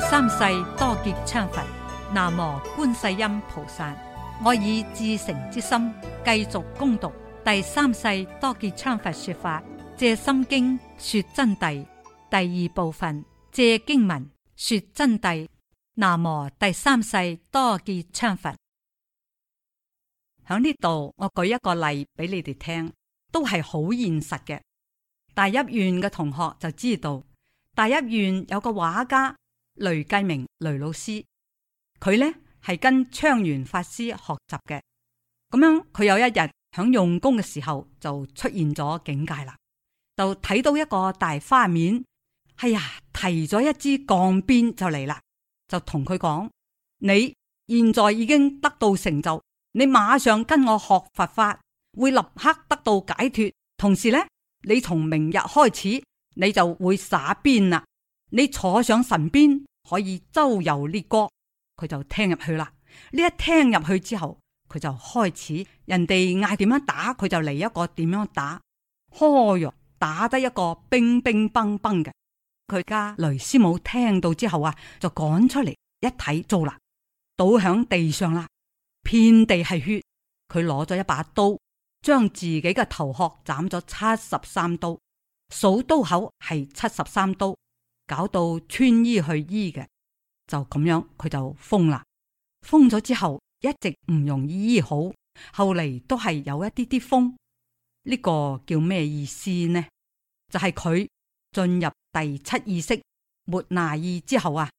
第三世多杰羌佛，南無觀世音菩薩。我以至誠之心繼續攻讀第三世多杰羌佛說法，借心經說真諦第二部分，借經文說真諦。南無第三世多杰羌佛。喺呢度，我舉一個例俾你哋聽，都係好現實嘅。大一院嘅同學就知道，大一院有個畫家。雷繼明雷老師，佢呢係跟昌圓法師學習嘅。咁樣佢有一日響用功嘅時候，就出現咗境界啦，就睇到一個大花面，哎呀，提咗一支鋼鞭就嚟啦，就同佢講：你現在已經得到成就，你馬上跟我學佛法，會立刻得到解脱。同時呢，你從明日開始，你就會耍鞭啦。你坐上神鞭可以周遊列國，佢就聽入去啦。呢一聽入去之後，佢就開始人哋嗌點樣打，佢就嚟一個點樣打。呵喲，打得一個冰冰崩崩嘅。佢家雷師母聽到之後啊，就趕出嚟一睇糟啦，倒響地上啦，遍地係血。佢攞咗一把刀，將自己嘅頭殼斬咗七十三刀，數刀口係七十三刀。搞到穿衣去醫嘅，就咁樣佢就瘋啦。瘋咗之後一直唔容易醫好，後嚟都係有一啲啲瘋。呢、這個叫咩意思呢？就係、是、佢進入第七意識末那意之後啊，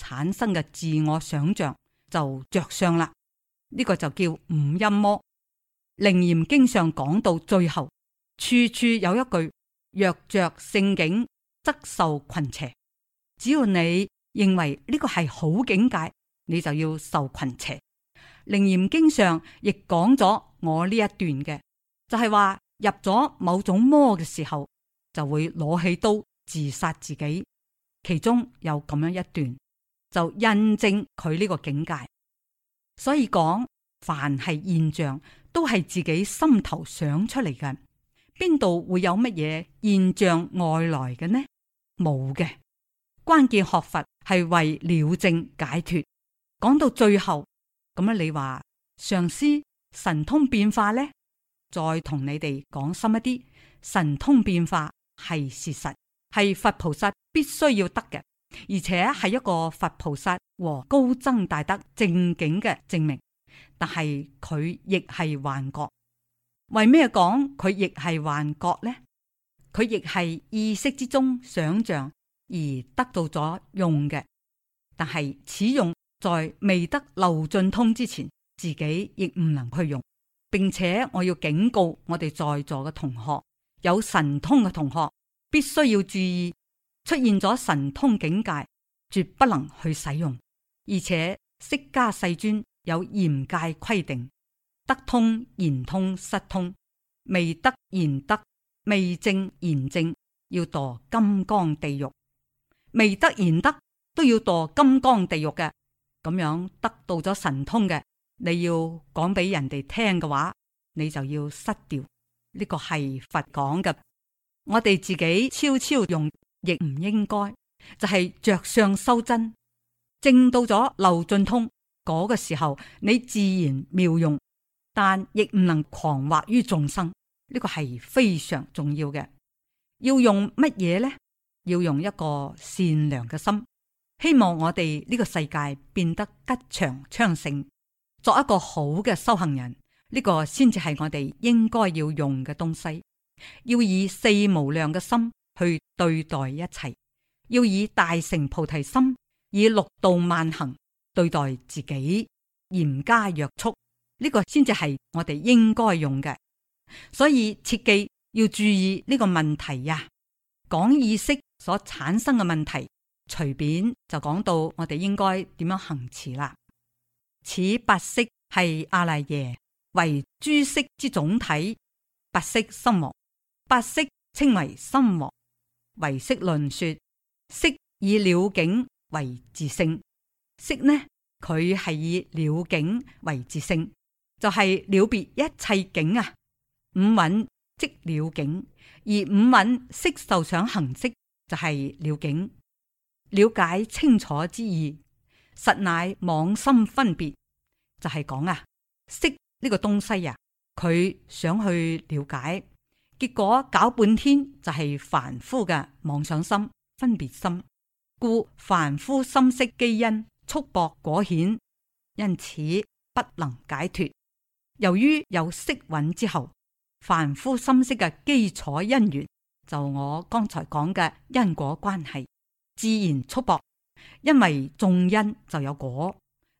產生嘅自我想象就着上啦。呢、這個就叫五陰魔。《楞嚴經》上講到最後，處處有一句若着聖境。則受群邪，只要你認為呢個係好境界，你就要受群邪。《楞嚴經》上亦講咗我呢一段嘅，就係話入咗某種魔嘅時候，就會攞起刀自殺自己。其中有咁樣一段，就印證佢呢個境界。所以講，凡係現象，都係自己心頭想出嚟嘅，邊度會有乜嘢現象外來嘅呢？冇嘅，關鍵學佛係為了證解脫。講到最後咁樣，你話上師神通變化呢？再同你哋講深一啲，神通變化係事實，係佛菩薩必須要得嘅，而且係一個佛菩薩和高僧大德正境嘅證明。但係佢亦係幻覺。為咩講佢亦係幻覺呢？佢亦係意識之中想象而得到咗用嘅，但係此用在未得漏盡通之前，自己亦唔能去用，並且我要警告我哋在座嘅同學，有神通嘅同學必須要注意，出現咗神通境界，絕不能去使用，而且釋迦世尊有嚴戒規定，得通言通失通，未得言得。未證言證，要墮金剛地獄；未得言得，都要墮金剛地獄嘅。咁樣得到咗神通嘅，你要講俾人哋聽嘅話，你就要失掉。呢、這個係佛講嘅，我哋自己悄悄用亦唔應該，就係、是、着相修真，正到咗漏盡通嗰、那個時候，你自然妙用，但亦唔能狂惑於眾生。呢個係非常重要嘅，要用乜嘢呢？要用一個善良嘅心，希望我哋呢個世界變得吉祥昌盛，作一個好嘅修行人，呢個先至係我哋應該要用嘅東西。要以四無量嘅心去對待一切，要以大乘菩提心，以六度萬行對待自己，嚴加約束，呢個先至係我哋應該用嘅。所以切記要注意呢個問題呀，講意識所產生嘅問題，隨便就講到我哋應該點樣行持啦。此白色係阿賴耶為諸色之總體，白色心王，白色稱為心王。唯識論說色以了境為自性，色呢佢係以了境為自性，就係、是、了別一切境啊。五蘊即了境，而五蘊色受想行識就係、是、了境，了解清楚之意，實乃妄心分別，就係、是、講啊，識呢個東西呀、啊，佢想去了解，結果搞半天就係凡夫嘅妄想心、分別心，故凡夫心色基因束縛果顯，因此不能解脫。由於有色蘊之後。凡夫心識嘅基礎因緣，就我剛才講嘅因果關係自然束縛，因為種因就有果，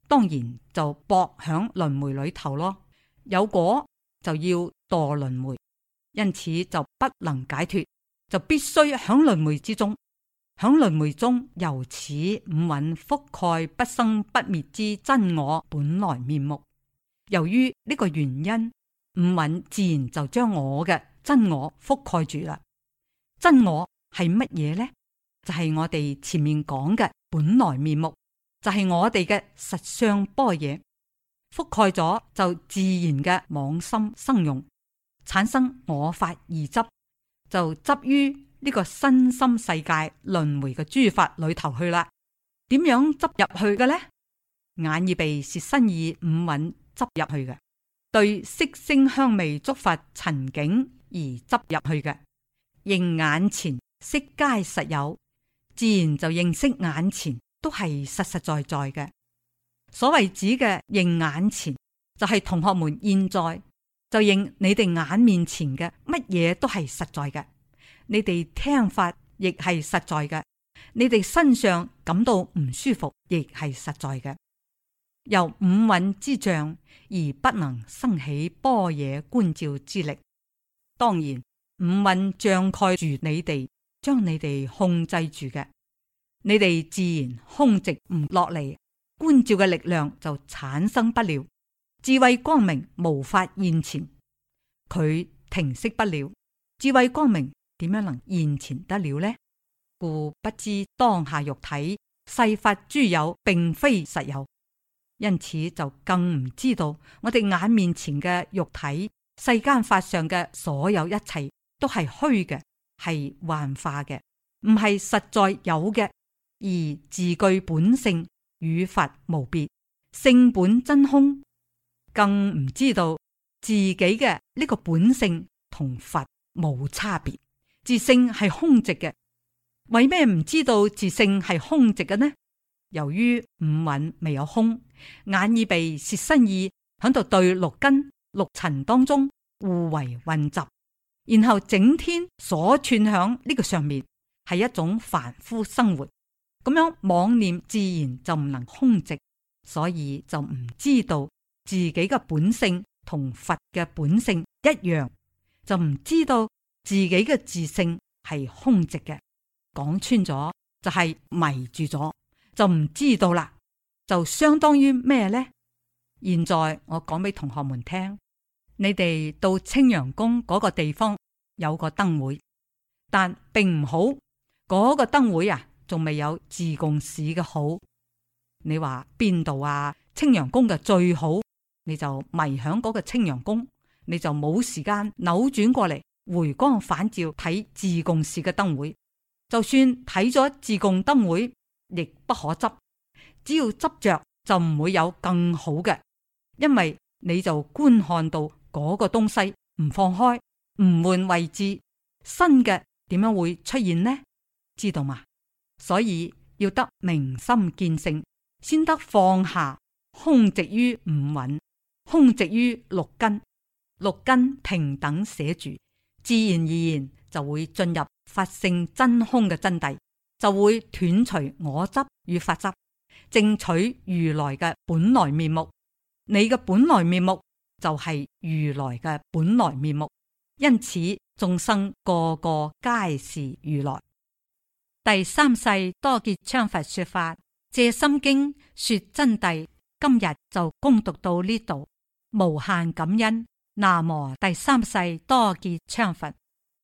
當然就搏響輪迴裏頭咯。有果就要墮輪迴，因此就不能解脫，就必須響輪迴之中，響輪迴中由此五蘊覆蓋不生不滅之真我本來面目。由於呢個原因。五蘊自然就將我嘅真我覆蓋住啦。真我係乜嘢呢？就係我哋前面講嘅本來面目，就係我哋嘅實相般若。覆蓋咗就自然嘅妄心生用，產生我法二執，就執於呢個身心世界輪迴嘅諸法裏頭去啦。點樣執入去嘅呢？眼耳鼻舌身意五蘊執入去嘅。對色聲香味觸法塵境而執入去嘅，認眼前色皆實有，自然就認識眼前都係實實在在嘅。所謂指嘅認眼前，就係、是、同學們現在就認你哋眼面前嘅乜嘢都係實在嘅，你哋聽法亦係實在嘅，你哋身上感到唔舒服亦係實在嘅。由五蘊之障而不能生起般若觀照之力，當然五蘊障蓋住你哋，將你哋控制住嘅，你哋自然空寂唔落嚟，觀照嘅力量就產生不了，智慧光明無法現前，佢停息不了，智慧光明點樣能現前得了呢？故不知當下肉體世法諸有並非實有。因此就更唔知道我哋眼面前嘅肉體、世間法上嘅所有一切都係虛嘅，係幻化嘅，唔係實在有嘅，而自具本性與佛無別，性本真空。更唔知道自己嘅呢個本性同佛無差別，自性係空寂嘅。為咩唔知道自性係空寂嘅呢？由於五蘊未有空，眼耳鼻舌身意喺度對六根六塵當中互為混雜，然後整天所串響呢個上面係一種凡夫生活，咁樣妄念自然就唔能空寂，所以就唔知道自己嘅本性同佛嘅本性一樣，就唔知道自己嘅自性係空寂嘅，講穿咗就係迷住咗。就唔知道啦，就相當於咩呢？現在我講俾同學們聽，你哋到青羊宮嗰個地方有個燈會，但並唔好嗰個燈會啊，仲未有自貢市嘅好。你話邊度啊？青羊宮嘅最好，你就迷響嗰個青羊宮，你就冇時間扭轉過嚟回光返照睇自貢市嘅燈會。就算睇咗自貢燈會。亦不可執，只要執着就唔會有更好嘅，因為你就觀看到嗰個東西唔放開，唔換位置，新嘅點樣會出現呢？知道嘛？所以要得明心見性，先得放下空直，空寂於五蘊，空寂於六根，六根平等寫住，自然而然就會進入法性真空嘅真諦。就會斷除我執與法執，正取如來嘅本來面目。你嘅本來面目就係如來嘅本來面目，因此眾生個個皆是如來。第三世多杰羌佛說法，借心經說真諦。今日就恭讀到呢度，無限感恩。那麼第三世多杰羌佛。